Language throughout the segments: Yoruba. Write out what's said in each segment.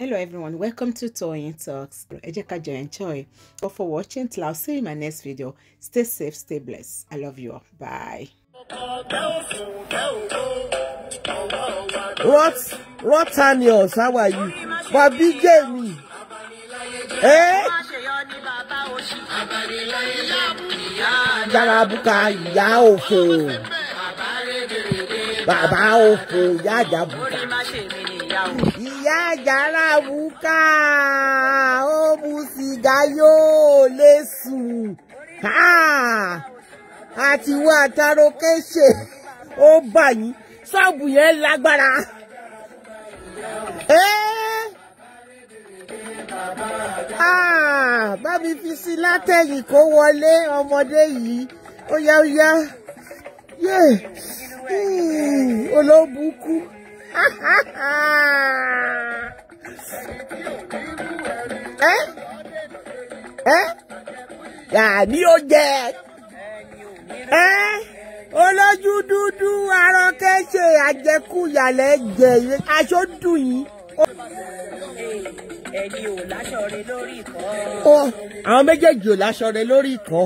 Hello everyone, welcome to Toyeen Talks. Ẹ jẹ́ ká enjoy. But for watching till I'll see you in my next video. Stay safe, stay blessed. I love you all. Bye. What? Rot, Rotanius, how are you? Babi Jamie. Eh? Yàrá àbùkà ìyá òfò. Bàbá òfò ìyá ìyá àjàrà wúkà ó mu sìgá yóò lè sùn àti wá àtàrò kéṣe ó bà yín ṣọ́ọ̀bù yẹn lágbára. bá mi fi sí látẹ̀yìn kó wọlé ọmọdé yìí ó yá ó yá hmm, olóbùkún ẹ ẹ Gani ó jẹ ẹ eh? olójú dúdú arọ kẹsẹ àjẹkùyàlẹ jẹ aṣọ dùn yìí. ẹni ò láṣọ rẹ lórí ìkọ́. àwọn méjèèjì ò láṣọ rẹ lórí ìkọ́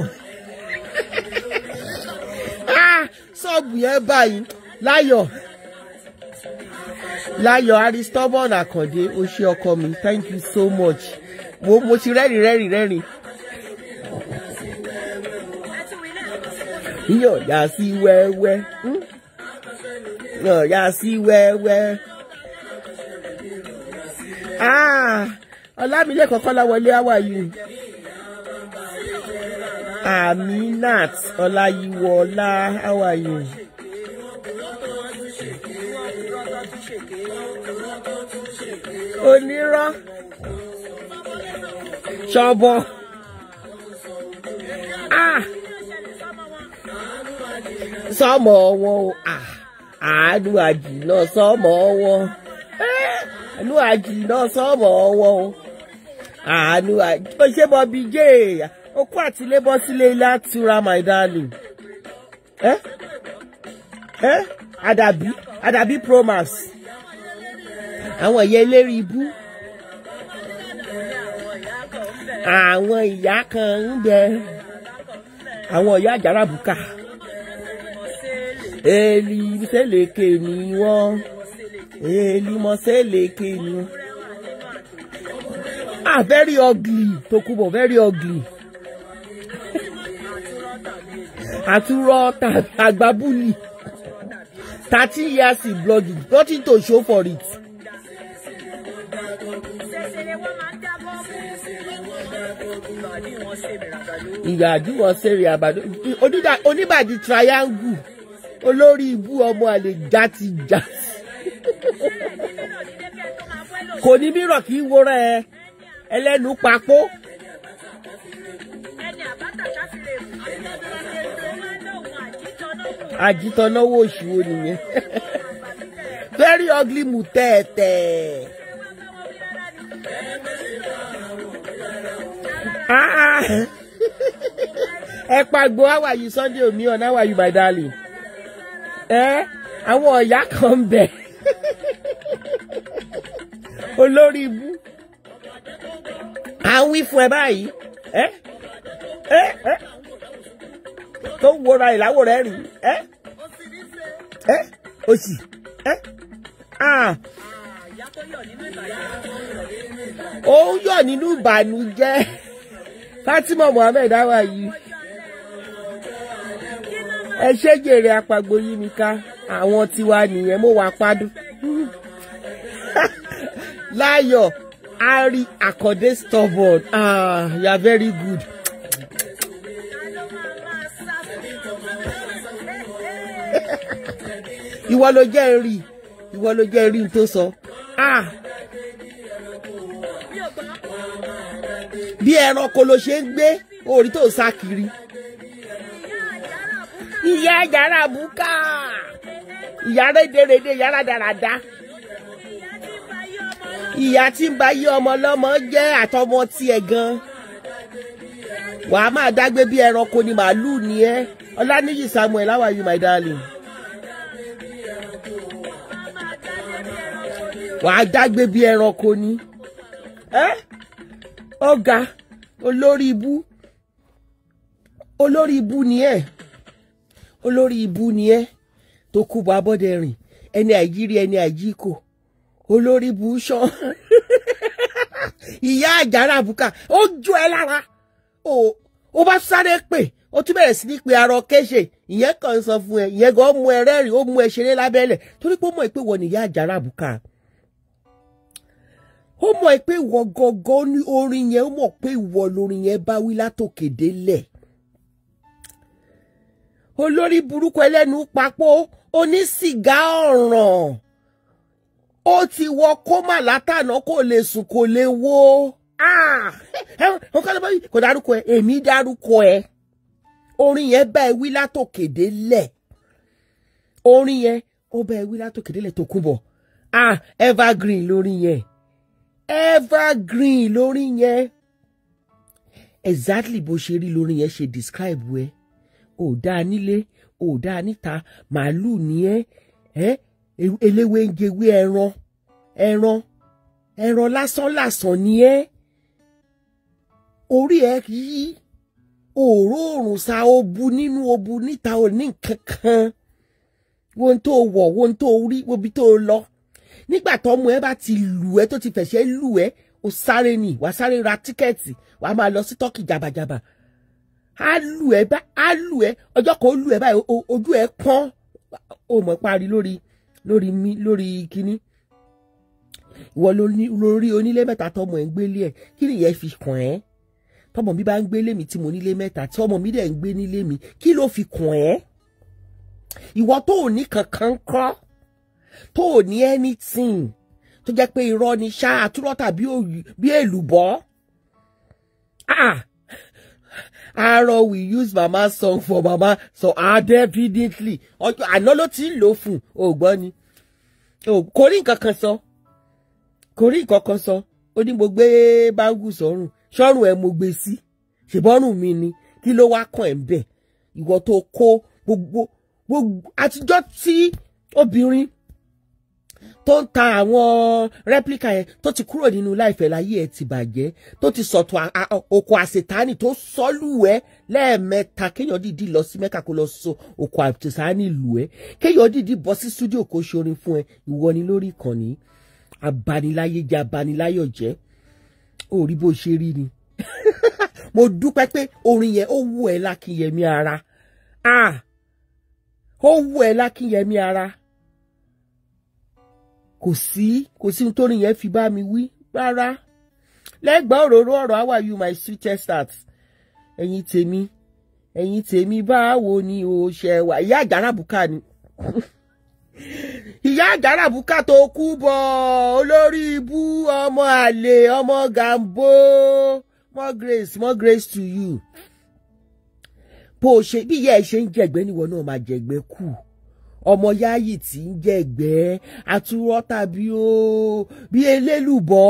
ṣọ́ọ̀bù ah, yẹn báyìí láyọ̀ láyọ̀ aristobon àkàndé o ṣé ọkọ mi thank you so much mo mo ti rẹ́rìn rẹ́rìn rẹ́rìn. iyọ̀ yà sí wẹ́wẹ́ yà sí wẹ́wẹ́ ah, ọlámilẹ́kọ̀ọ́ kọ́láwọlé how are you aminat ọláyíwọlá how are you. onírọ́ ṣọbọ sọmọ ọwọ́ àánú àjìnà sọmọ ọwọ́ àánú àjìnà sọmọ ọwọ́ àánú àjìnà ṣé mo bí jẹ́ okú àtìlébọ́ sílé ilé àtúrà my darling. Eh? Eh? Adabi, Adabi promise àwọn ìyá eléri ibú àwọn ìyá kan ń bẹ àwọn ìyá àjàràbùkà èlì mọ́sẹ̀lẹ̀kẹ̀ ni wọ́n èlì mọ́sẹ̀lẹ̀kẹ̀ ni wọ́n. ah very ugly Tokubo. very ugly àtúrọ̀ àgbábùlì thirteen years in blogging nothing to show for it dá tó kú. ṣèṣe ni wọ́n máa ń jábọ́ wọn ṣe àbàdó. oníbàdí triangle olórí ibú ọmọ àlè játi já. kò ní míràn kí n wora ẹ ẹlẹ́nu papó. ẹni àbátàkà òṣùwò nìyẹn very ugly mutẹ́ẹ̀tẹ̀ẹ̀. Ah, ah. Ẹ̀pàgbọ́ how are you Sunday Omiyan how are you my darling? eh? àwọn ọ̀yá kan ń bẹ̀. Olórí ibú. À ń wí fún eh? Eh, eh? Ẹ Ẹ tó ń wora ìláwó rẹ̀ eh? Ẹ Ẹ òsì. Ẹ Ah ó ń yọ̀ nínú ìbànújẹ́. Fatima Mohammed awa yìí ẹ ṣe jèrè apagbo yí mi ká àwọn tiwa nìyẹn mo wà pádùn Láyọ̀ Ari Akande stubborn ah you are very good. ìwọ ló jẹ́ rí ìwọ ló jẹ́ rí tó sọ ah. bí ẹranko ló ṣe ń gbé orí tó sá kiri ìyá yàrá bùkà ìyá rédèrèdè yàrá dáradá ìyá tí ń ba yí ọmọ lọ́mọ jẹ́ àtọmọ tiẹ̀ gan wàá máa dágbé bí ẹranko ni màálù ni ẹ ọlánìyí samuel how are you my darling wàá dágbé bí ẹranko ni. Eh? ọ̀gá olórí ibú olórí ibú ni ẹ olórí ibú ni ẹ tó kú bọ abọ́dẹrìn ẹni àìjírí ẹni àìjíkò olórí ibú ṣan ìyá àjàrà àbúkà ó jó ẹ lára ó bá sáré pè ó tún bẹ̀rẹ̀ sí ní pé arọ kéṣe ìyẹn kan sọ fún ẹ ìyẹn gan mú ẹ rẹ́rìn ó mú ẹ ṣeré lábẹ́lẹ̀ torí pé ó mọ̀ pé wọ́n ní ìyá àjàrà àbúkà ó mọ̀ ẹ́ pé ìwọ gọ́gọ́ ní orin yẹn ó mọ̀ pé ìwọ lórin yẹn bá wí látòkè délẹ̀ olórí burúkú ẹlẹ́nu papọ̀ onísìgá ọ̀ràn ó ti wọ kómà látànà kò lè sùn kò lè wo ah! kò dárúkọ ẹ èmi dárúkọ ẹ orin yẹn bá ẹ wí látòkè délẹ̀ orin yẹn ó bá ẹ wí látòkè délẹ̀ tó kú bọ̀ ah, evergreen lórí yẹn evergreen lórí yẹn exactly bó ṣe rí lórí yẹn ṣe describe ẹ ò dáa nílé ò dáa níta màálù ni ẹ ẹ eléwé ń jewé ẹran ẹran ẹran lásán lásán ni ẹ orí ẹ yí òróòrùn sa obu nínú obu níta ò ní nǹkan kan wo ohun tó wọ̀ wo ohun tó rí wo ibi tó lọ nígbà tọ́mọ ẹ bá ti lù ẹ tó ti fẹ̀ṣẹ̀ lù ẹ o sáré ni wàá sáré ra tíkẹ́ẹ̀tì wàá máa lọ sí tọ́kì jàbàjàbà á lù ẹ bá á lù ẹ ọjọ́ kan ó lù ẹ báyìí ojú ẹ pọ́n ó mọ̀ parí lórí lórí mi lórí kínní ìwọ lórí onílé mẹ́ta tọ́mọ ẹ ń gbélé ẹ kí nìyẹn fi kàn ẹ́ tọ́mọ mi bá ń gbélé mi tí mo nílé mẹ́ta tí ọmọ mi dẹ̀ ń gbé nílé mi kí ló fi kàn ẹ́ ìwọ tó ò ní kankan kọ́ tó ò ní anything tó jẹ́ pé irọ́ ni ṣá àtúrọ́ tàbí bí èlùbọ́ ah arọ we use mama song for mama so ah definitely ọjọ́ àná ló ti ń lò fún ògbọ́n ni kò rí nǹkan kan sọ kò rí nǹkan kan sọ ó ní mo gbé báńgù sọ́rùn sọ́rùn ẹ̀ mo gbé sí ṣèbọ́rùn mi ni kí ló wá kàn ẹ́ ń bẹ̀ ìwọ tó kó gbogbo gbogbo àtijọ́ tí obìnrin tó ń ta àwọn rẹ́pílíkà yẹn tó ti kúrò nínú láìfẹ́ láyé ẹ̀ ti bàjẹ́ tó ti sọ̀tọ̀ òkò àṣetánì tó sọ́lùwẹ́ lẹ́ẹ̀mẹ́ta kéèyàn dìdí lọ sí mẹ́ka kó lọ so òkò àṣetánì lù ẹ́ kéèyàn dìdí bọ́ sí stúdíò kó ṣorin fún ẹ ìwọ ni lórí ìkànnì abaniláyé jẹ́ abaniláyọ̀ jẹ́ ó rí bó ṣe rí ni mo dúpẹ́ pé orin yẹn ó wù ẹ́ lákìyẹmí ara ah! ó wù ẹ́ lákìyẹmí ara kò sí kò sí ohun tó ní yẹn fi bá mi wí rárá lẹ́gbàá òróró ọ̀rọ̀ how are you my sweetest heart ẹ̀yin tèmi ẹ̀yin tèmi báwo ni o ṣe wà ìyá àjàrà bùkà ni ìyá àjàrà tó kú bọ̀ olórí ibú ọmọ àlè ọmọ gàmbó more grace more grace to you bó o ṣe bí ìyá ẹ ṣe ń jẹgbẹ́ níwọ náà máa jẹgbẹ́ kù. Cool ọmọ yáàyì tí ń jẹ̀gbẹ́ àtúrọ́ tàbí ó bí elélùbọ́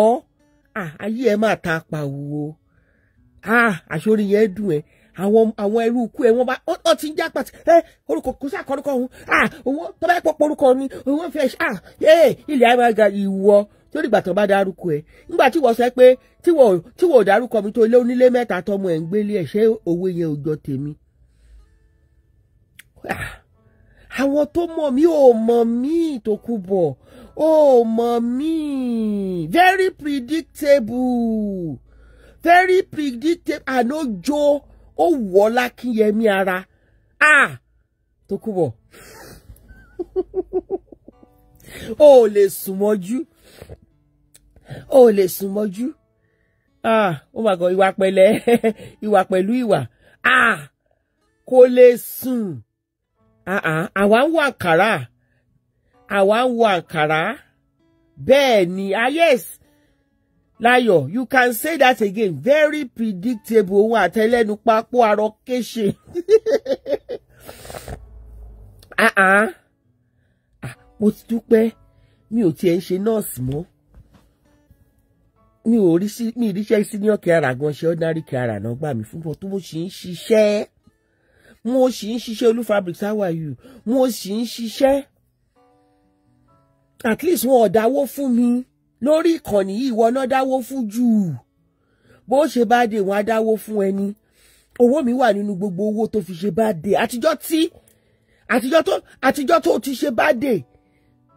ayé ẹ máa ta pàwọ́ àṣórí yẹn dùn ẹ́ àwọn àwọn ẹrú ikú ẹ wọn bá ọ ti ń já pàtì ẹ orúkọ kò sí àkọrúkọ òun ah owó tó bá pọpọ orúkọ ni owó fẹ ṣá ee ilẹ̀ ayé máa ga ìwọ lórí ìgbà tó bá dárúkọ ẹ nígbà tí wọ́n sọ pé tí wọ́n ò dárúkọ mi tó lé onílé mẹ́ta tọmọ ẹ̀ ń gbélé ẹ̀ ṣé òwe yẹn ò jọ tèmi àwọn tó mọ̀ mí ò mọ̀ mí Tókunbọ̀ ò mọ̀ mí very predictable very predictable ànájọ ó wọ̀ lákìyẹmí ara ah Tókunbọ̀ o ò lè sùn mọ́jú o ò lè sùn mọ́jú ah ó mà kàn ìwà pẹ̀lẹ́ ìwà pẹ̀lú ìwà ah kò lè sùn. Uh-uh. àwa ń wo àkàrà àwa ń wo àkàrà bẹ́ẹ̀ ni ah yes Layo, you can say that again very predictable ohun àtẹlẹ́nu pápó arọ kéṣe ah, ah. Ah, mo ti dúpẹ́ mi ò tiẹ̀ ń ṣe nọ́ọ̀sì mọ́ mi ò ríṣẹ́ senior care gan ṣe ordinary care náà gbà mí fún bọ́ tó bó ṣe ń ṣiṣẹ́ mo sì ń ṣiṣẹ́ olú fabrics how are you mo sì ń ṣiṣẹ́ at least wọn ò dáwó fún mi lórí ìkànnì yìí wọn náà dáwó fún jù bó ṣe bá dé wọn á dáwó fún ẹni owó mi wà nínú gbogbo owó tó fi ṣe bá dé àtijọ́ tí àtijọ́ tó àtijọ́ tó ti ṣe bá dé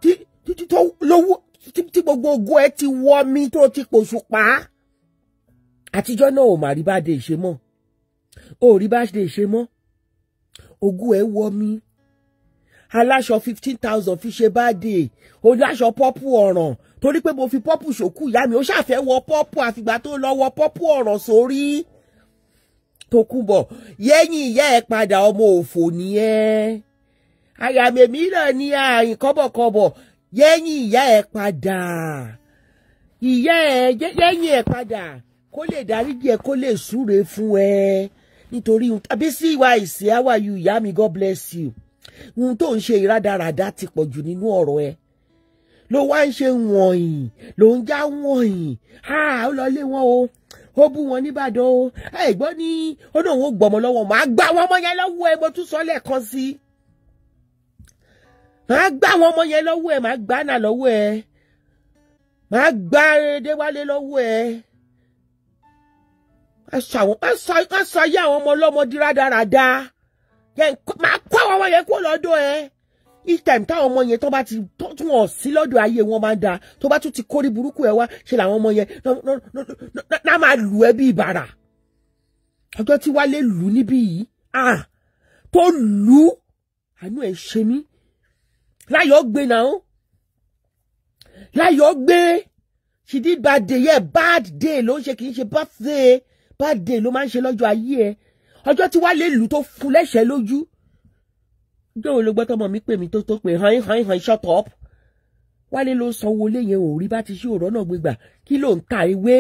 tí tí tó lówó tí gbogbo ògo ẹ ti wọ́ mi tó ti pòṣù pa á àtijọ́ náà ò mà rí bá dé ṣe mọ́ ò rí bá dé ṣe mọ́ ogún ẹ̀ wọ mi aláṣọ fifteen thousand fi ṣe báàdì ó láṣọ pọ́pù ọ̀ràn torí pé mo fi pọ́pù ṣòkú ìyá mi ó ṣàfẹ́ wọ pọ́pù àfìgbà tó lọ wọ pọ́pù ọ̀ràn sórí tó kú bọ̀ yẹ́yìn ìyá ẹ̀ padà ọmọ òfò nìyẹn àyàmèmí náà ní àyìn kọ́bọ̀kọ́bọ̀ yẹ́yìn ìyá ẹ̀ padà ìyá ẹ̀ yẹ́yìn ẹ̀ padà kó lè dáríjì ẹ̀ kó lè súre fún ẹ nítorí àbí sí ìwà ìsì àwà yù ìyá mi God bless you ohun tó ń ṣe ìradaràda ti pọ̀ jù nínú ọ̀rọ̀ ẹ ló wá ń ṣe wọ̀nyìn ló ń já wọ̀nyìn ha ó lọ lé wọn o ó bú wọn nìbàdàn o ẹ̀gbọ́n ní ó náà ó gbọ́mọ lọ́wọ́ màá gbá wọn ọmọ yẹn lọ́wọ́ ẹ mo tún sọ lẹ́ẹ̀kan sí i màá gbá wọn ọmọ yẹn lọ́wọ́ ẹ màá gbá náà lọ́wọ́ ẹ màá gbá Déwálé lọ́wọ́ ẹ ẹ ṣàwọ ẹ sọ ẹ sọ ayé àwọn ọmọ ọlọ́mọ di rádaràda máa kó àwọn ọmọ yẹn kó lọ́dọ̀ ẹ item táwọn ọmọ yẹn tó bá ti tí wọn sí lọ́dọ̀ ayé wọn máa ń da tó bá tún ti kórí burúkú ẹ wá ṣe làwọn ọmọ yẹn náà máa lù ẹ bí ìbàrà ọjọ́ tí wálé lù níbí yìí tó lù àánú ẹ ṣe mí láyọ̀ gbé náà láyọ̀ gbé she did bad day yeah bad day ló ń ṣe kì í ṣe birthday bad day ló máa ń ṣe lọ́jọ́ ayé ẹ ọjọ́ tí wàá lè lù tó fún lẹ́sẹ̀ lójú gbéwò ló gbọ́ tọmọ mi pè mí tó tó pé hàn hàn hàn shut up wálé ló sanwó léyìn òórí bá ti ṣe òrọ́ náà gbégbà kí ló ń ta ewé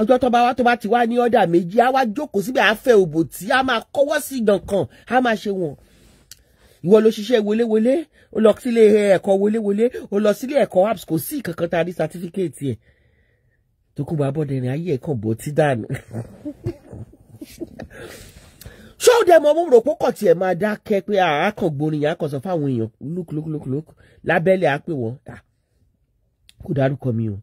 ọjọ́ tó bá wá tó bá ti wá ní ọ̀dà méjì á wá jókòó síbẹ̀ á fẹ́ òbò tí á máa kọ́wọ́ sí ìdànkan á máa ṣe wọ̀n ìwọ ló ṣiṣẹ́ wọléwọlé ó lọ sílé eh, ẹ̀kọ́ wọléwọlé ó lọ sílé ẹ̀kọ́ apps kò sí ìkankan tá a rí sátífíkẹ́ẹ̀tì ẹ̀ Tókunbọ̀ Abọ́dẹrìn ayé ẹ̀kan bò tí dànù. ṣó dẹ mọ mú ròpó kọ̀ tiẹ̀ máa dákẹ́ pé àákàn ah, gborin yẹn fáwọn èèyàn lókùlókùlókù lábẹ́lẹ̀ àpè wọ́n ah, kò dárúkọ mi o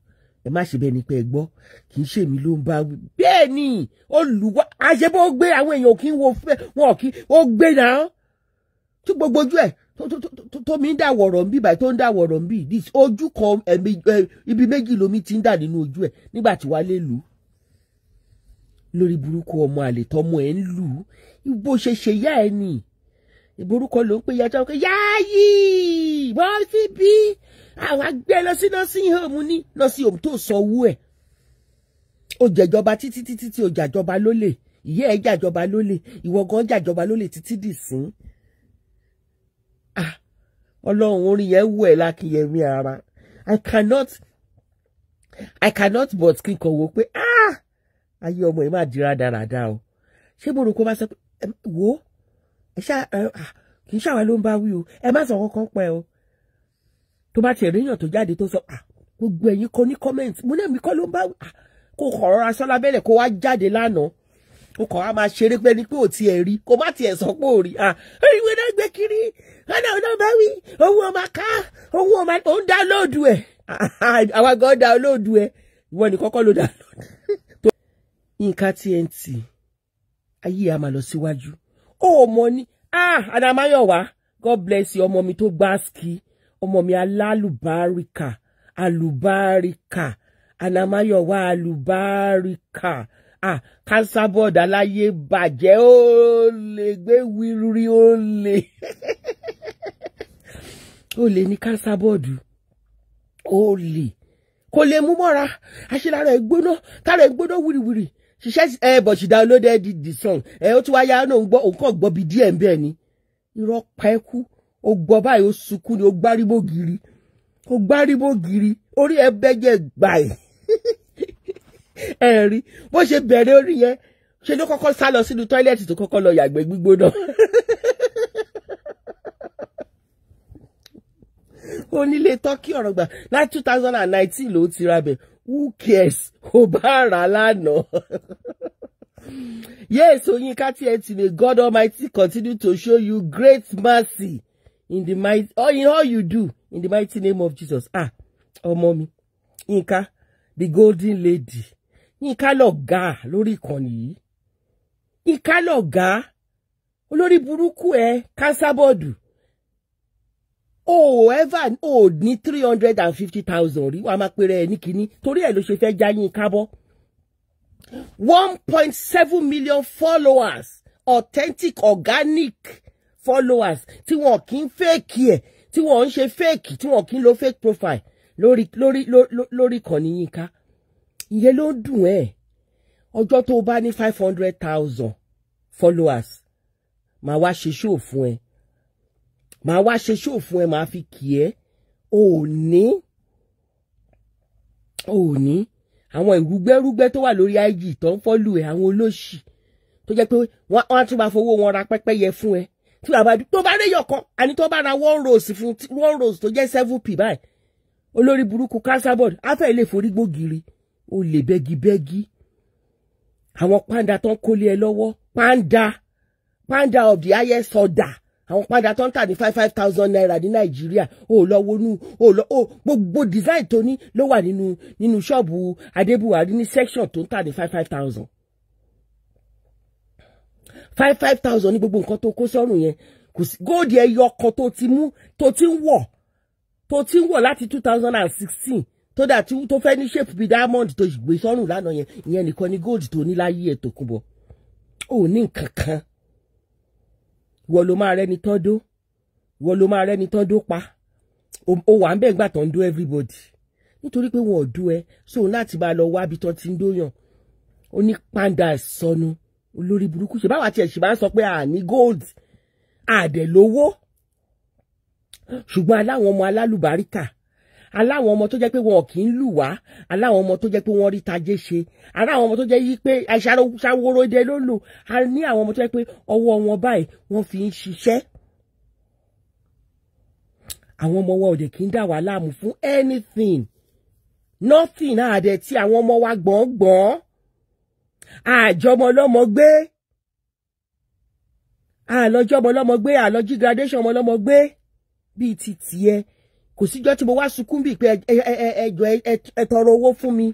ẹ má ṣe bẹ́ẹ̀ ni pé ẹ gbọ́ kì í ṣe mi ló ń bá wí bẹ́ẹ̀ ni olùwà àṣebó gbé àwọn èèyàn kì í wo fẹ́ gbé náà tí gbogbo ojú ẹ̀ tómi ń dà wọ̀rọ̀ ń bì báyìí tó ń dà wọ̀rọ̀ ń bì ojú kan ibi méjì lomi ti ń dà nínú ojú ẹ̀ nígbà tí wàá lè lù ú lórí burúkú ọmọ àlè tọmọ ẹ̀ ń lù ú bó ṣe ṣe yá ẹ nì ìborúkọ ló ń pè yájọ́ pé yááyì wọ́n ti bí àwọn agbẹ́ lọ sí nursing home ní nursing home tó sanwó ẹ̀ ó jẹjọba títí títí tí ó jàjọba lólè ìyá ẹ̀ jàjọba lólè ìwọ gan jàjọba lólè títí dìsín ọlọ́run orin yẹn wù ẹ́ lákìyẹmí ara i cannot i cannot but kí n kàn wò pé ah ayé ọmọ yìí máa dira dáradára o ṣé mo rò kó bá sọ pé wò ó ẹ ṣá kì í ṣàwọn ló ń bá wí o ẹ má sọ kankan pẹ́ o tó bá tiẹ̀ ríyàn tó jáde tó sọ gbogbo ẹ̀yin kò ní comment mo náà mi kọ́ ló ń bá wí kó kọ̀ọ̀rọ̀ aṣọ́lábẹ́lẹ̀ kó wá jáde lánàá o kàn á máa ṣeré pé ní pé ò tiẹ̀ rí kò má tiẹ̀ sọ pé ò rí ìwé náà gbé kiri ọ̀nà ọ̀nà bá wí owó ọmọ ká owó ọmọ ò ń dáńlóòdù ẹ̀ àwa gan dáńlóòdù ẹ̀ ìwọ ni kọ́kọ́ ló dáńlóòdù. Yínká TNT ayé a máa lọ síwájú ó mọ ní Adamáyọ̀wá God bless you ọmọ mi tó gbá ski ọmọ mi alálùbáríkà alùbáríkà Adamáyọ̀wá alùbáríkà ah cancer board aláyé bàjẹ́ ó lè gbé wírí ó lè ó lè ní cancer board ó lè kò lè mú mọ́ra àṣìlára ẹ̀ gbóná tára ẹ̀ gbóná ṣiṣẹ́ ẹ bọ̀ ṣì downloaded the song ẹ ó tún wáyé àánú gbọ́ òǹkàn gbọ́ bí díẹ̀ ń bẹ́ẹ̀ ni irọ́ pa ẹ́ kú ó gbọ́ báyìí ó sunkún ni ó gbárígbó gírí ó gbárígbó gírí orí ẹ bẹ́jẹ̀ gbàì. ẹ rí bó ṣe bẹ̀rẹ̀ orí yẹn ṣe ló kọ́kọ́ sá lọ sínú tọ́ílẹ̀tì tó kọ́kọ́ lọ yàgbẹ́ gbígbóná. onílé tọ́kì ọ̀rọ̀ gbà láti two thousand and nineteen ló ti ra who cares ó bá rà á lánàá. yes Oyinka TNT may God Almighty continue to show you great mercy in the might, oh, in all you do in the mighty name of Jesus ah ọmọ mi Yinka the golden lady Yínká lọ̀gá lórí ìkànnì yìí Yínká lọ̀gá olórí burúkú ẹ kásábọ́ọ̀dù o ò ẹ́fà o ní three hundred and fifty thousand rí wàá máa pèrè ẹ ní kínní torí ẹ ló ṣe fẹ́ já Yínká bọ́ one point seven million followers authentic organic followers tí wọn kì í fẹ́ẹ̀kì ẹ̀ tí wọn ń ṣe fẹ́ẹ̀kì tí wọn kì í lo fake profile lórí lórí lórí lórí ìkànnì Yínká ìyẹn ló ń dùn ẹ́ ọjọ́ tó bá ní five hundred thousand followers màá wá ṣe ṣóò fún ẹ màá wá ṣe ṣóò fún ẹ màá fi kì ẹ́ ò ní ò ní àwọn ìrúgbẹ́rúgbẹ́ tó wà lórí IG tó ń fọ́lù ẹ̀ àwọn olóṣì tó jẹ́ pé wọ́n á tún máa fowó wọn ra pẹ́pẹ́yẹ fún ẹ tí bàbá tó bá réyọ̀ kan àní tó bá ra one rose fún one rose tó jẹ́ seven p báyìí olórí burúkú cancer board á fẹ́ lè forí gbógiri olè bẹ́gibẹ́gi àwọn pàǹdà tó ń kólé ẹ lọ́wọ́ panda panda of the highest order àwọn pàǹdà tó ń tà ní five five thousand naira ní nàìjíríà ò lọ wọnú ò lọ ò gbogbo design tó ní ló wà nínú nínú ṣọ́ọ̀bù adébùwárí ní section tó ń tà ní five five thousand five five thousand ní gbogbo nǹkan tó kó sọ́rùn yẹn kò sí góòdì ẹyọ kan tó ti mú tó ti ń wọ̀ tó ti ń wọ̀ láti two thousand and sixteen tó dà tí tó fẹ́ ní shape bíi diamond tó gbé sọ́rùn lánàá yẹn ìyẹn nìkan ni gold tó ní láyé ẹ̀ Tòkunbọ̀ ò ní nǹkan kan wọ́n ló máa rẹ́ni tán dó wọ́n ló máa rẹ́ni tán dó pa ó wà ń bẹ́ẹ̀ gbà tán dó everybody nítorí pé wọn ò dú ẹ so láti máa lọ wá ibi tán ti ń dóyàn ó ní pàǹdà sọnù olórí burúkú ṣe báwa tiẹ̀ ṣì máa ń sọ pé àní gold àdẹ̀ lówó ṣùgbọ́n aláwọn ọmọ alálùbáríkà aláwọn ọmọ tó jẹ́ pé wọn kì í lù wá aláwọn ọmọ tó jẹ́ pé wọ́n rí tajé ṣe ará àwọn ọmọ tó jẹ́ pé aṣàwòròdé ló lò a ní àwọn ọmọ tó jẹ́ pé ọwọ́ wọn báyìí wọ́n fi ń ṣiṣẹ́ àwọn ọmọ wa ò dẹ̀ kì í dà wá láàmú fún anything nothing àdẹ̀ tí àwọn ọmọ wa gbọ̀ngbọ̀n àjọmọ lọ́mọ gbé àlọ́jọ́ ọmọ lọ́mọ gbé àlọ́jí graduation ọmọ lọ́mọ gbé bíi ti tiẹ̀ kò síjọ́ tí mo wá sunkún bíi pé ẹjọ́ ẹ tọrọ owó fún mi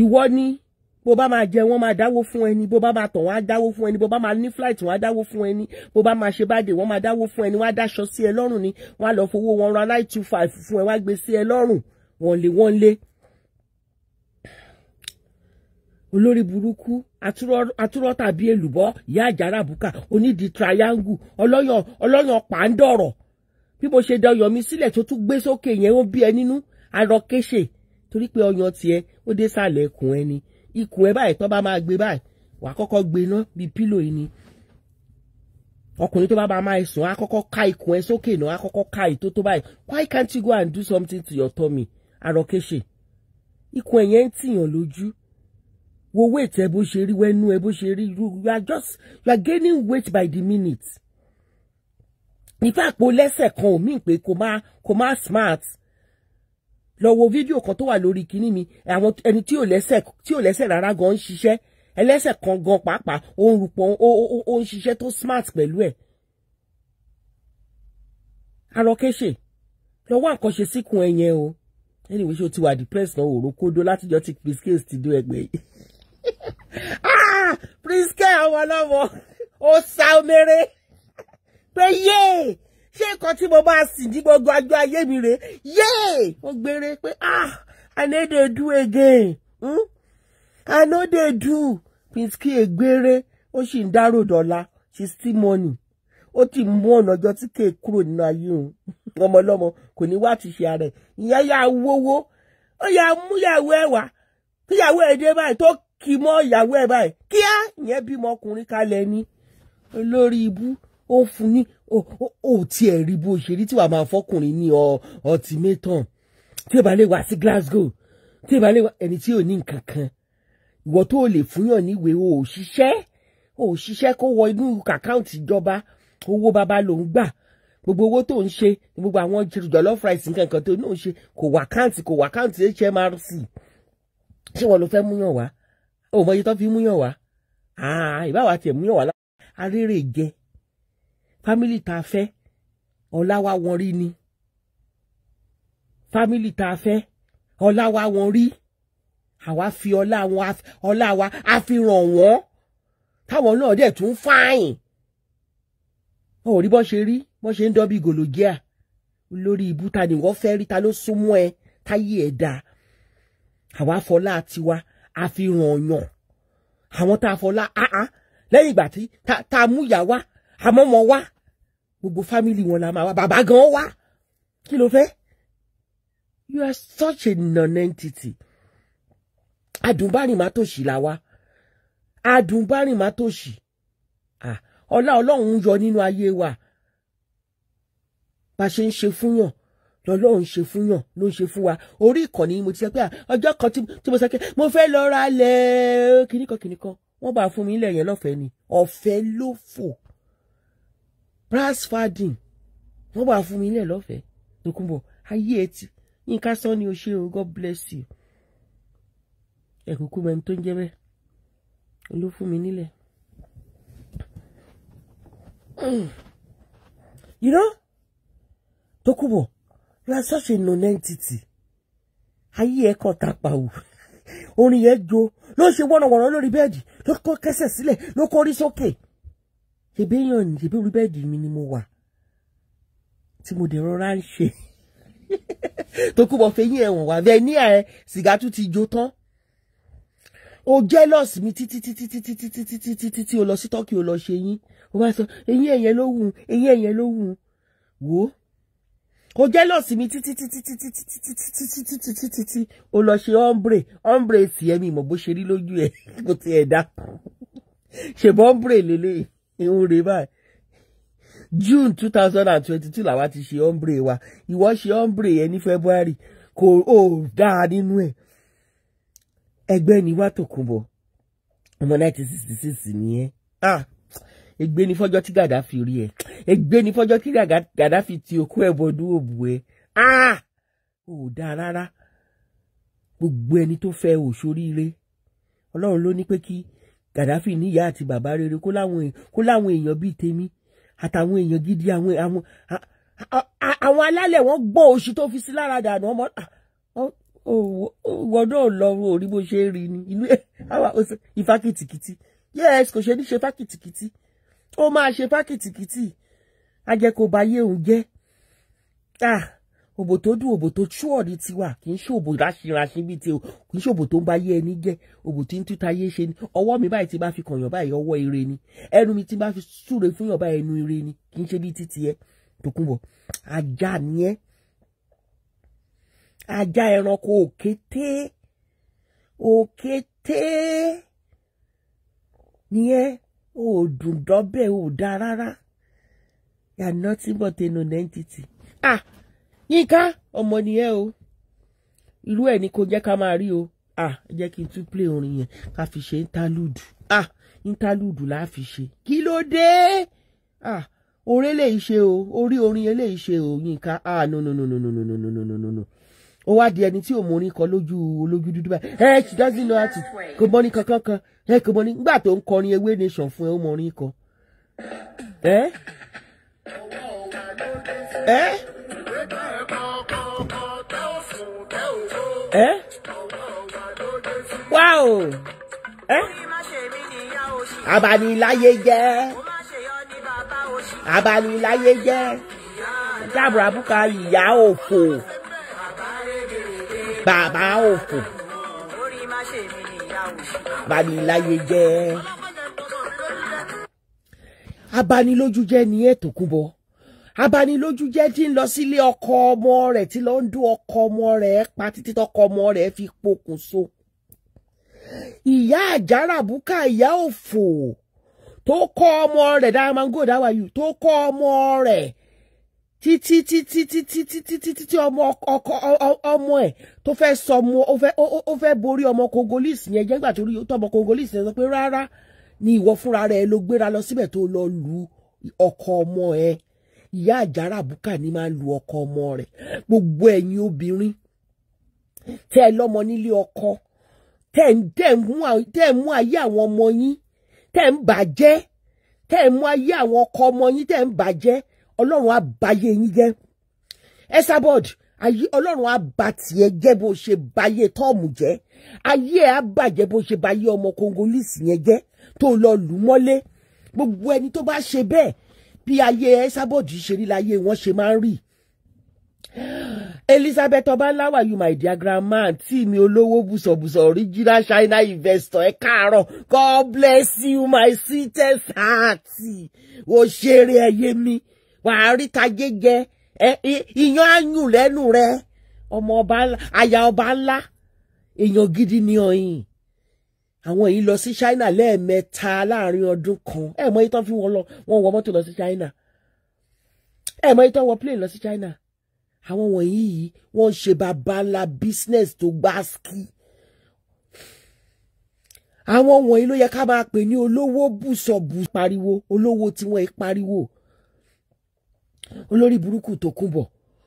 ìwọ ni bó bá máa jẹ wọ́n máa dáwó fún ẹni bó bá máa tọ̀ wọ́n á dáwó fún ẹni bó bá máa ní flight wọ́n á dáwó fún ẹni bó bá máa ṣe báde wọ́n máa dáwó fún ẹni wọ́n á dáṣọ sí ẹ lọ́rùn ni wọ́n á lọ fowó wọn ra nine two five fún ẹ wọ́n á gbé sí ẹ lọ́rùn wọ́n lé wọ́n lé. olórí burúkú àtúrọ̀ tàbí èlùbọ́ ìyá àjàrà àbúkà onídìí triangle ọlọ́yàn ọlọ́yàn pàǹdọ̀rọ̀ bí mo ṣe da ọyọ̀mí sílẹ̀ tó tún gbé sókè yẹn ó bí ẹ nínú arọ kéṣe torí pé ọyàn tiẹ̀ ó dé sàlẹ̀ ikùn ẹni ikùn ẹ báyìí tó bá máa gbé báyìí wàá kọ́kọ́ gbé ná bíi pílò yìí ni ọkùnrin tó bá máa máa sùn á kọ́kọ́ ká ikùn ẹ sókè náà á kọ́kọ́ ká ètò tó báyìí why can't you go and do something to your tummy arọ kéṣe ikùn ẹ yẹn ń tìyàn lójú wo weight ẹ bó ṣe rí wẹ́nu ẹ bó ṣe rí you are just you are gaining weight by the minute ìfẹ́ àpò lẹ́sẹ̀ kan ò mí pé kò má kò má smart lọ wo fídíò kan tó wà lórí kinní mi àwọn ẹni tí o lẹ́sẹ̀ tí ò lẹ́sẹ̀ rárá gan ń ṣiṣẹ́ ẹlẹ́sẹ̀ kan gan pàápàá ó ń rúpọ̀ ó ń ṣiṣẹ́ tó smart pẹ̀lú ẹ̀ arọkẹ́ṣe lọ wá nǹkan ṣe síkùn ẹ̀yẹ o anyway ṣé o ti wà depressed náà òòró kódó látijọ́ tí Prinsky ti dó ẹgbẹ́ yìí ah Prinsky ọmọ ọlọ́mọ o sá mere pé yéè ṣé nǹkan tí mo máa sìn ní gbogbo ajọ ayé mi rèé yéè mo gbére pé ah I no dey do again hmm? I no dey do Pizky egbére ó sì ń dárò dọ́là she still money ó ti mú ọ̀nà ọjọ́ tí kéè kúrò nínú ayé òun ọmọlọ́mọ kò ní wá ti ṣe ara ẹ̀ ìyẹn yà wówó ó yà mú yàwó ẹ̀ wá kíyàwó ẹ̀ dé báyìí tó kì mọ́ ìyàwó ẹ̀ báyìí kíá ìyẹn bímọ ọkùnrin kalẹ̀ ni olórí ibú ó ń fún ní ó tiẹ̀ rí bó ṣe rí tí wàá máa fọkùnrin ní ultimatum tí ò bá lè wá sí Glasgow tí ò bá lè wá ẹni tí ò ní nǹkan kan ìwọ tó lè fúnyàn níwèé o ò ṣiṣẹ́ o ò ṣiṣẹ́ kó wọ inú àkáǹtì ìjọba owó bàbá ló ń gbà gbogbo owó tó ń ṣe gbogbo àwọn jollof rice nǹkan kan tó náà ṣe kò wà àkáǹtì kò wà àkáǹtì HMRC ṣé wọn ló fẹ́ múyàn wá o mọ iye tó fi múyàn wá ìbáwá tiẹ̀ múyàn wá lára arére jẹ fámìlì tá a fẹ́ ọlá wa wọn rí ni fámìlì tá a fẹ́ ọlá wa wọn rí àwa fi ọlá wọn ọlá wa a fi ràn wọ́n táwọn náà dẹ̀ tún fáyìn wọn rí bọ́ ṣe rí bọ́ ṣe ń dọ́bí gòlògíà lórí ibú ta ni wọ́n fẹ́ rí ta ló súnmọ́ ẹ táyé ẹ̀ dá àwa fọlá tiwa a fi ràn yàn àwọn tá a fọlá áhán ah, ah, lẹ́yìn ìgbà tí tá a mú ìyá wá àmọ́ wọn wá gbogbo fámìlì wọn la máa wá bàbá gan wá kí ló fẹ́ you are such a non-entity adùnbárìmátòṣì la wá adùnbárìmátòṣì ah, ọlá ọlọ́run yọ nínú ayé wa bá ṣe ń ṣe fúnyàn lọ́lọ́run ṣe fún yàn ló ń ṣe fún wa orí ìkànnì mo ti sọ pé ah, ọjọ́ kan tí mo sọ pé mo fẹ́ lọ ra lẹ̀ kìnnìkan kìnnìkan wọ́n bá fún mi ilẹ̀ yẹn lọ́fẹ̀ẹ́ ni ọ̀fẹ́ ló fò brass fading wọ́n wà fún mi nílẹ̀ lọ́fẹ̀ẹ́ Tókunbọ̀ ayé etí Yínká sọ ni o ṣe o God bless you ẹ̀kúkú mẹ́ni tó ń jẹ́ bẹ́ẹ̀ ló fún mi nílẹ̀. you know Tókunbọ̀ you are such a non-entity ayé ẹ̀ kọ́ ta pa o orin yẹn jo ló ṣe wọ́nàwọ́nà lórí bẹ́ẹ̀dì ló kọ́ kẹsẹ̀ sílẹ̀ ló kọ́ orí sókè. Okay ṣebí èèyàn ni ṣebí orí bẹ́ẹ̀dì mi ni mo wà tí mo dẹ̀ rọra ń ṣe tó kú bọ fẹyìn ẹwọn wà bẹ́ẹ̀ ní ẹ sìgá tún ti jó tán o jealous mi ti ti ti ti ti ti ti o lọ sí tọ́kì o lọ ṣe yín o bá sọ eyín ẹ̀yẹn ló wù eyín ẹ̀yẹn ló wù wò ó o jealous mi ti ti ti ti ti ti ti ti o lọ ṣe ombre ombre tiẹ̀ mi mọ̀ bó ṣe rí lójú ẹ̀ ti tiẹ̀ dá ṣèbọ̀ ombre lélẹ́yìí ń re báyìí june two thousand and twenty-two làwa ti ṣe ombre wa ìwọ ṣe ombre yẹn ní february kò ó dáa nínú ẹ̀ ẹgbẹ́ ni wá tòkunbọ̀ ọmọ nineteen sixty six nìyẹn ah ègbé ni fọ́jọ́ tí gàdáfi rí ẹ ègbé ni fọ́jọ́ tí gàdáfi ti òkú ẹ bọdú òbú ẹ ah ò dáa rárá gbogbo ẹni tó fẹ́ òṣòríire ọlọ́run ló ní pé kí Gaddafi níyà àti bàbá rere kó láwọn kó láwọn èèyàn bíi tèmi àtàwọn èèyàn gidi àwọn àwọn àwọn alálẹ̀ wọ́n gbọ́ oṣù tó fi sí lára dànù ọmọ ah, wọn náà lọ orí bó ṣe rí ni ìlú ìfá yes kò ṣe ní ṣe fá kìtìkìtì ó máa ṣe fá kìtìkìtì ajẹ́kọ̀ọ́bayé òun jẹ́ ah òbò tó dùn òbò tó tú ọ̀rí tiwa kì í ṣe òbò ráṣiraṣi bíi ti o kì í ṣe òbò tó ń bá yé ẹni jẹ́ òbò tí ń tú tayé ṣe ni ọwọ́ mi báyìí ti bá fi kànyàn báyìí ọwọ́ ire ni ẹnu mi ti bá fi súre fún yàn báyìí ẹnu ire ni kì í ṣe bíi títí ẹ Tòkunbọ̀ ajá ni ẹ ajá ẹranko òkété òkété ni ẹ ò dùn dọ́bẹ̀ ò dáa rárá you are nothing but an entity. ah yínká ọmọ nìyẹn o irú ẹ̀ ni kò jẹ́ ká máa rí o ah jẹ́ kí n tún play orin yẹn ká fi ṣe interlude ah intaludu la fi ṣe kí ló dé ah orí eléyìí ṣe o orí orin eléyìí ṣe o yínká ah no no no no no no no no no no no ó wá di ẹni tí ò mọ orin kan lójú olójú dúdú báyìí ẹ she doesn't know how to kò mọ ní kankan kan ẹ kò mọ ní nígbà tó ń kọrin ewé nation fún ẹ ó mọ orin kan ẹ ẹ. ẹ́ wá o ẹ́ abaniláyé jẹ́ abaniláyé jẹ́ dábùràbùkà ìyá òfò bàbá òfò abaniláyé jẹ́ abanilójú jẹ́ ni ẹ̀ tó kú bọ́ abanilójú jẹ́ tí ń lọ sílé ọkọ ọmọ rẹ̀ tí lọ ń dún ọkọ ọmọ rẹ̀ pa títí tọkọ ọmọ rẹ̀ fi pokùnso ìyá àjàràbùkà ìyá òfò tó kọ́ ọmọ rẹ̀ dáamango dáwàyù tó kọ́ ọmọ rẹ̀ títí títí títí títí títí tí ọmọ ọkọ ọmọ ẹ̀ tó fẹ́ sọmọ ó fẹ́ borí ọmọ kongolese yẹn jẹ́gbà tó rí tọmọ kongolese yẹn sọ pé rárá ni ìwọ fúnra rẹ̀ ló gbéra lọ síbẹ̀ tó lọ lu ọkọ ọmọ ẹ̀ ìyá àjàrà àbúkà ni máa ń lu ọkọ ọmọ rẹ̀ gbogbo ẹ̀yin obìnrin tẹ́ ẹ lọ́mọ nílé ọkọ tẹ́ ẹ mú ayé àwọn ọmọ yín tẹ́ ẹ ń bàjẹ́ tẹ́ ẹ mú ayé àwọn ọkọ ọmọ yín tẹ́ ẹ ń bàjẹ́ ọlọ́run á yín jẹ́ Esabod ayé ọlọ́run á bà tiẹ̀ jẹ́ bó ṣe bayé tọ́ọ̀mù jẹ́ ayé á bàjẹ́ bó ṣe bayé ọmọ kongolese yẹn jẹ́ tó lọ lù mọ́lé gbogbo ẹni tó bá ṣe bẹ́ẹ̀ bí ayé Esabod ṣe rí láyé wọn ṣe máa ń rí Elizabeth Ọbaláwa you my dear grandma àǹtí mi olówó bùsọ̀bùsọ̀ original China investor ẹ káàárọ̀ God bless you my sweetest heart o ṣeré ẹyẹ mi wàá rí tajé jẹ ìyan ayùn lẹ́nu rẹ ọmọ ọba àyà ọba ńlá èèyàn gidi ni ọyìn àwọn yìí lọ sí China lẹ́ẹ̀mẹ́ta láàrin ọdún kan ẹ mọ iye tán fi wọn lọ wọn wọ mọ́tò lọ sí China ẹ mọ iye wọ plane lọ sí China àwọn wọ̀nyí yìí wọ́n ṣe bàbá ńlá business tó gbá ski àwọn wọ̀nyí ló yẹ ká máa pè ní olówó bùsọ̀bù pariwo olówó tí wọ́n pariwo olórí burúkú tó kún bọ̀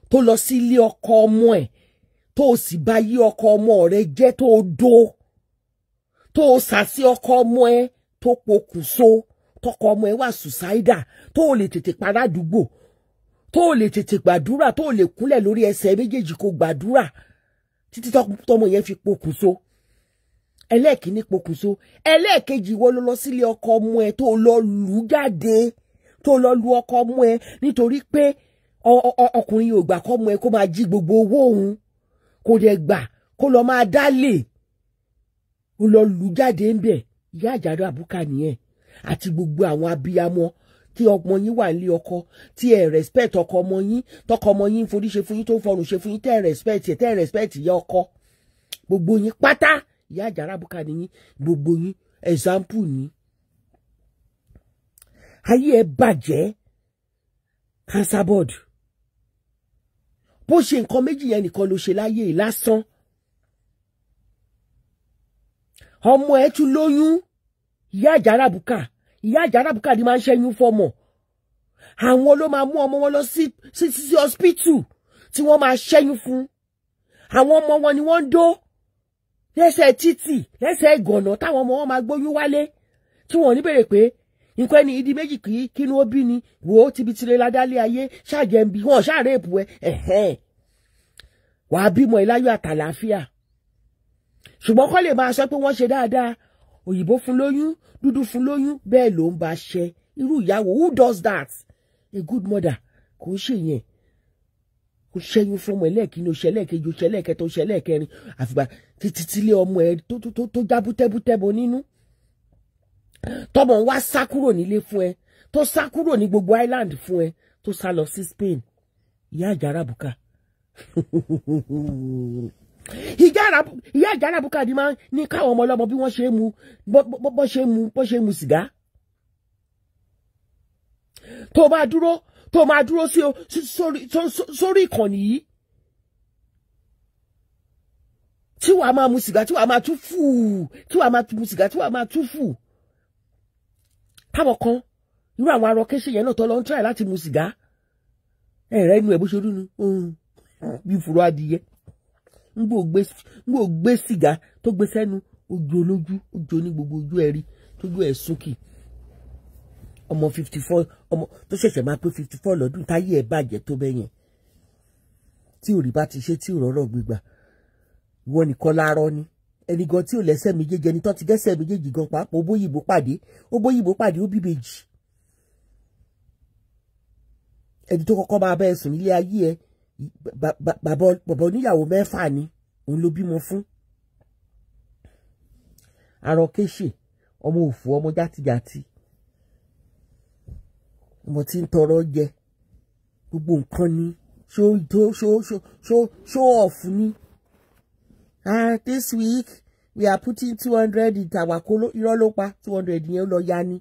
tó lọ sí ilé ọkọ ọmọ ẹ̀ tó sì bá yí ọkọ ọmọ rẹ̀ jẹ́ tó dó tó o sà sí ọkọ ọmọ ẹ tó pokùnso tọkọ ọmọ ẹ wà sùsáìdà tó o lè tètè para àdúgbò tó o lè tètè gbàdúrà tó o lè kúnlẹ̀ lórí ẹsẹ̀ méjèèjì kó gbàdúrà títí tọmọ yẹn fi pokùnso ẹlẹ́ẹ̀kíní pokùnso ẹlẹ́ẹ̀kejì wọ́n ló lọ sílé ọkọ ọmọ ẹ tó lọ lù jáde tó lọ lu ọkọ ọmọ ẹ nítorí pé ọkùnrin ò gbà kọ́ ọmọ ẹ kó máa jí gbogbo owó òun kò dẹ̀ gbà kó lọ máa dálé ó lọ lù jáde ń bẹ̀ ìyá àjàrà àbúkà nìyẹn àti gbogbo àwọn abiyamọ tí ọmọ yín wà nílé ọkọ tí ẹ respect ọkọ ọmọ yín tọkọ ọmọ yín forí ṣe fún yín tó ń fọrùn ṣe fún yín tẹ ẹ respect ẹ tẹ ẹ respect ìyá ọkọ gbogbo yín pátá ìyá àjàrà àbúkà nìyín gbogbo yín example ni ayé ẹ bàjẹ́ cancer board bó ṣe nǹkan méjì yẹn nìkan ló ṣe láyé lásán ọmọ ẹ tún lóyún ìyá àjàrà bùkà ìyá àjàrà bùkà ni máa ń ṣẹ́yún fọmọ àwọn ló máa mú ọmọ wọn lọ sí sí sí hospital tí wọ́n máa ṣẹ́yún fún àwọn ọmọ wọn ni wọ́n ń dó lẹ́sẹ̀ títì lẹ́sẹ̀ ìgànnà táwọn ọmọ wọn máa gbóyún wálé tí wọ́n ní bèrè pé nǹkan ẹni ìdí méjì kì í kínú ó bí ni wò ó tibi tirẹ̀ ládálé ayé ṣáàjẹ̀ ń bí wọn ṣáàrẹ̀ èpù ẹ wàá bímọ ìláyọ̀ àtàlàáfíà ṣùgbọ́n kọ́ lè máa sọ pé wọ́n ṣe dáadáa òyìnbó fún lóyún dúdú fún lóyún bẹ́ẹ̀ ló ń bá ṣe irú ìyàwó who does that a good mother kò ń ṣe yẹn kò ṣẹ́yún fọmọ ẹlẹ́ẹ̀kínní oṣù ẹlẹ́ẹ̀kejì oṣù ẹlẹ́ẹ̀kẹta oṣù ẹlẹ́ẹ̀kẹrin àfìgbà títí tílé ọmọ ẹ tó já bútẹ́bútẹ́bọ nínú tọmọ wa sá kúrò nílé fún ẹ tó sá kúrò ní gbogbo island fún ẹ tó sá lọ sí Spain ìyá àjàrà bùkà ìyá ìjára bukadi máa ní káwọn ọmọ ọlọ́mọ bí wọ́n ṣe mu bọ́ ṣe mu bọ́ ṣe mu sìgá tó máa dúró tó máa dúró sórí ìkànnì yìí tí wàá máa mu sìgá tí wàá máa tún fù tí wàá máa mu sìgá tí wàá máa tún fù táwọn kan irú àwọn arọ kéṣe yẹn náà tó lọ ń tíráì láti mu sìgá ẹ̀rẹ́ inú ẹ̀ bó ṣe rí nu bí fúru adìyẹ ngbò gbé sìgá tó gbé sẹ́nu ojú olójú ojú ní gbogbo ojú ẹ̀rí tójú ẹ̀ sókè ọmọ fifty four ọmọ tó ṣẹ̀ṣẹ̀ máa pé fifty four lọ́dún táyé ẹ̀ bàjẹ́ tó bẹ́yẹn tí òrì bá ti ṣe tí òrọ́rọ́ gbígbà wọn nìkan láàárọ̀ ni ẹni gan tí ò lẹ́sẹ̀ méjèèjì ẹni tó ti gẹ́sẹ̀ méjèèjì gan pàápàá ó bóyìnbó pàdé ó bóyìnbó pàdé ó bíbejì ẹni tó kọ́kọ́ máa bẹ́ẹ̀ sùn nílé ayé ẹ̀ bàbá oníyàwó mẹ́fà ni òun ló bímọ fún arọkẹ́ṣe ọmọ òfò ọmọ játijàti ọmọ tí ń tọrọ jẹ gbogbo nǹkan ni ṣó ṣó ṣó ṣó show off ni ah this week we are putting two hundred ìtàwákó irọ́ ló pa two hundred yẹn lọ ya ni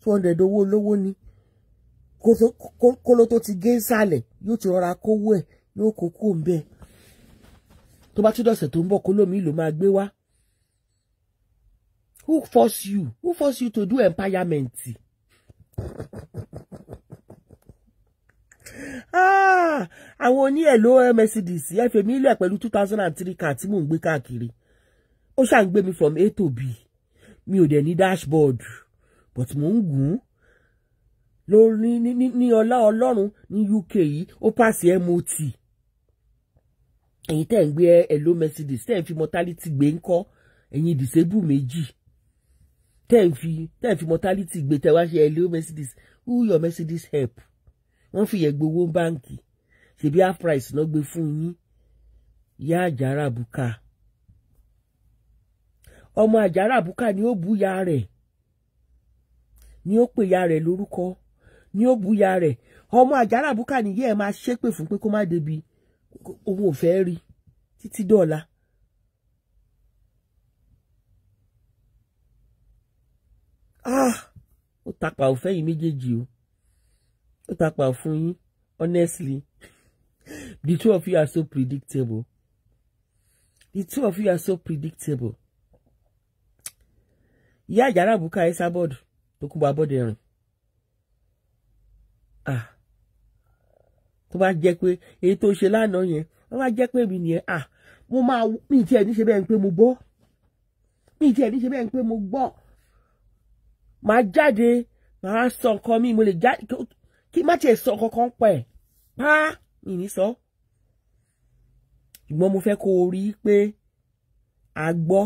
two hundred owó olówó ni kóló tó ti gé sàlẹ̀ yóò ti rọra kówó ẹ̀ yóò kó ń bẹ́ẹ̀ tó bá tún dọ̀sẹ̀ tó ń bọ̀ kóló ló máa gbé wá. Who force you? Who force you to do empowerment? Ah! àwọn oní ẹ̀ ló Mercedes ẹ fèmí ilẹ̀ pẹ̀lú two thousand and three car tí mò ń gbé káàkiri ó ṣà ń gbé mi from A to B mi ò dẹ̀ ní dashboard but mò ń gùn ún lórí ní ọlá ọlọ́run ní UK yìí ó pàṣẹ MOT ẹ̀yin tẹ́ ń gbé ẹ̀lò Mercedes tẹ́ ń fi mortality gbé ń kọ́ ẹ̀yin disable méjì tẹ́ ń fi tẹ́ ń fi mortality gbé tẹ́ wá ṣe ẹ̀lò Mercedes who your Mercedes help wọ́n fi yẹn gbowó báǹkì ṣèbí half price náà gbé fún yín ìyá àjàrà àbúkà ọmọ àjàrà àbúkà ni ó bú ya rẹ̀ ni ó pè ya rẹ̀ lórúkọ ni ó buya rẹ̀ ọmọ àjàrà àbúkà nìyí ẹ̀ máa ṣépè fún pé kó má débi owó ò fẹ́ rí títí dọ́là. ah ó tàpá ò fẹ́yìn méjèèjì o O tapa ò fún honestly the two of you are so predictable the two of you are so predictable ìyá àjàrà àbúkà ẹ sábọ̀dù tó kún bọ ah tó bá jẹ́ pé èyí tó ṣe lánàá yẹn wọ́n bá jẹ́ pé mi nìyẹn ah mo máa mi ì tiẹ̀ níṣe bẹ́ẹ̀ pé mo bọ́ mi ì tiẹ̀ níṣe bẹ́ẹ̀ pé mo gbọ́ màá jáde màá sọ nǹkan mi mo lè já kí má tiẹ̀ sọ kankan pẹ̀ pa mi ní sọ ṣùgbọ́n mo fẹ́ kó o rí pé a gbọ́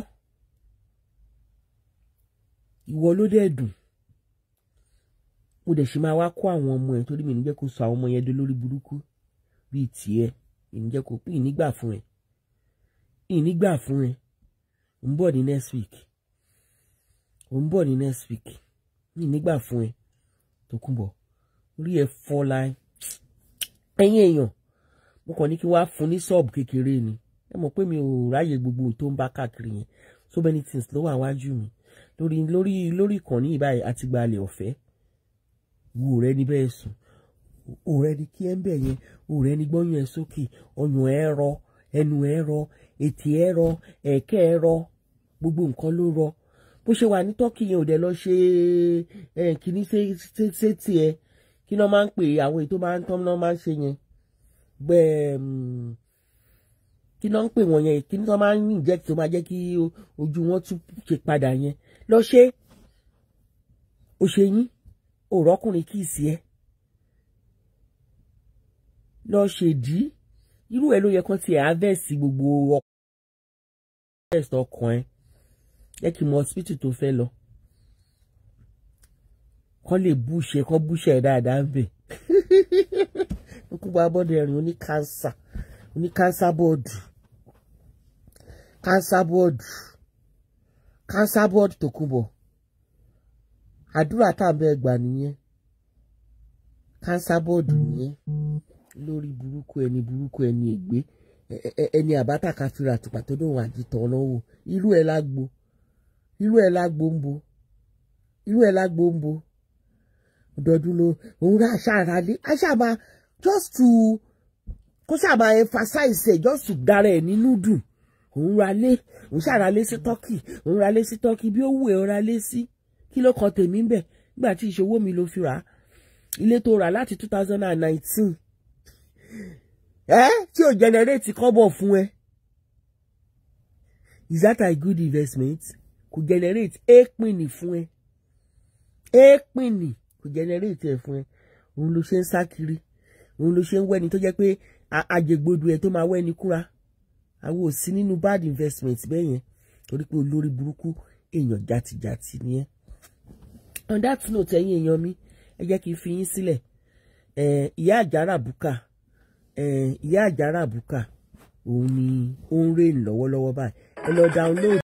ìwọ ló dẹ̀ dùn mo dẹ̀ ṣe máa wá kó àwọn ọmọ yẹn torí mi ní jẹ́ kó sọ àwọn ọmọ yẹn dolórí burúkú bíi tiẹ̀ ìní jẹ́ kó pín ìnígbà fún ẹ ìnígbà fún ẹ ń bọ̀ ní next week ń bọ̀ ní next week ìnígbà fún ẹ Tókunbọ̀ orí ẹ fọ́ láì ẹ̀yìn èèyàn mo kàn ní kí wàá fún ní ṣọ́ọ̀bù kékeré ni ẹ mọ̀ pé mi ò ráyè gbogbo tó ń bá káàkiri yẹn so many things ló wà wájú mi lórí lórí lórí ìkànnì ìbáyìí àtìgbàlẹ̀ ọ̀fẹ́ wo rẹ níbẹ̀ sùn òrẹ́ ni kí ẹ ń bẹ̀ yẹn òrẹ́ ni gbọ́yàn ẹ sókè ọyàn ẹ rọ ẹnu ẹ rọ ètè ẹ rọ ẹ̀kẹ́ ẹ rọ gbogbo nǹkan ló rọ bó ṣe wà ní tọ́kì yẹn ò dẹ̀ lọ ṣe kínní sétí ẹ kí ló máa ń pè àwọn èyí tó máa ń tán náà máa ń ṣe yẹn gbẹ mm, kí ló ń pè wọ́n yẹn kí ló máa ń inject tó máa jẹ́ kí ojú wọn tún ṣe padà yẹn lọ ṣe ó ṣe yín òrọ́kùnrin kíìsì ẹ lọ ṣèdí irú ẹ ló yẹ kán ti àvẹ́sì gbogbo ọkọ̀ ọkàn ẹ jẹ́ kí n mọ hospital tó fẹ́ lọ kán lè búṣe kán búṣe ẹ dáadáa ń bè kúkú bá bọ́dọ̀ ẹ̀rùn oní kánsà oní kánsà bọ́ọ̀dù kánsà bọ́ọ̀dù kánsà bọ́ọ̀dù tó kú bọ̀ àdúrà tá à ń bẹ gbà nìyẹn kánsá bọ́ọ̀dù nìyẹn lórí burúkú ẹni burúkú ẹni ègbé ẹni àbáta káfíra àtùpà tó dùn àdìtọ̀ ọlọ́wọ́ irú ẹ̀ lágbo irú ẹ̀ lágbo ń bo irú ẹ̀ lágbo ń bo dọdún ló òun rà ṣáàrà lé aṣáàbà just to kó ṣáàbà emphasize ẹ̀ just to dára ẹ̀ nínú dùn òun ra lé òun ṣáàrà lé sí turkey òun ra lé sí turkey bí ó wù ẹ́ òun ra lé sí. Si kí ló kan tèmi ń bẹ̀ nígbà tí ìṣòwò mi ló fi rà á ilé tó rà láti two thousand and nineteen ẹ tí ò jẹnẹrétì kọ́bọ̀ fún ẹ is that a good investment kò generate èèpìnì fún ẹ èèpìnì kò generate ẹ fún ẹ òun ló ṣe ń sá kiri òun ló ṣe ń wẹ́ni tó jẹ́ pé àjẹgbodò ẹ tó máa wẹ́ni kúra àwọn ò sí nínú bad investment bẹ́ẹ̀ yẹn torí pé olórí burúkú èèyàn jàtìjàtì ni ẹ́ on that note ẹ̀yin èèyàn mi ẹ jẹ́ kí n fi yín sílẹ̀ ìyá àjàrà bùkà ìyá àjàrà bùkà òun ni ó ń rè lọ́wọ́lọ́wọ́ báyìí ẹ lọ download.